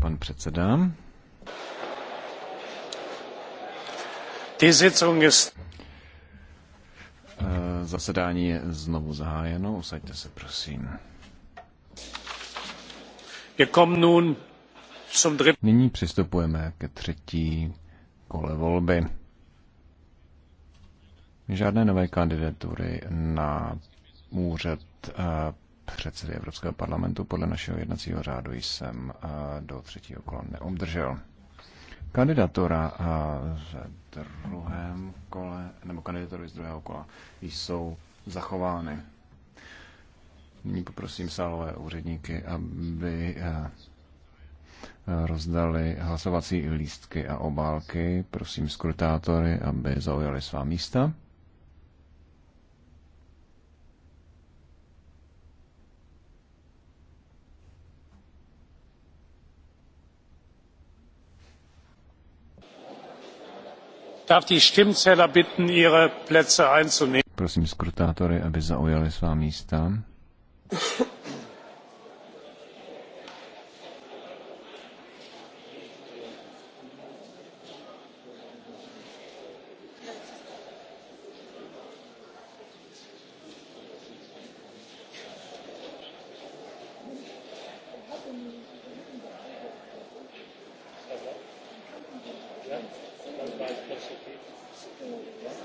Pan předseda. Eh, zasedání je znovu zahájeno. Usaďte se, prosím. Nyní přistupujeme ke třetí kole volby. Žádné nové kandidatury na úřad eh, předsedy Evropského parlamentu podle našeho jednacího řádu jsem eh, do třetího kola neobdržel. Kandidatora v eh, druhém kole, nebo kandidatory z druhého kola jsou zachovány. Nyní poprosím sálové úředníky, aby eh, rozdali hlasovací lístky a obálky. Prosím skrutátory, aby zaujali svá místa. prosím skrutátory aby zaujali svá místa. Ja? Dann war ich plötzlich. Ja?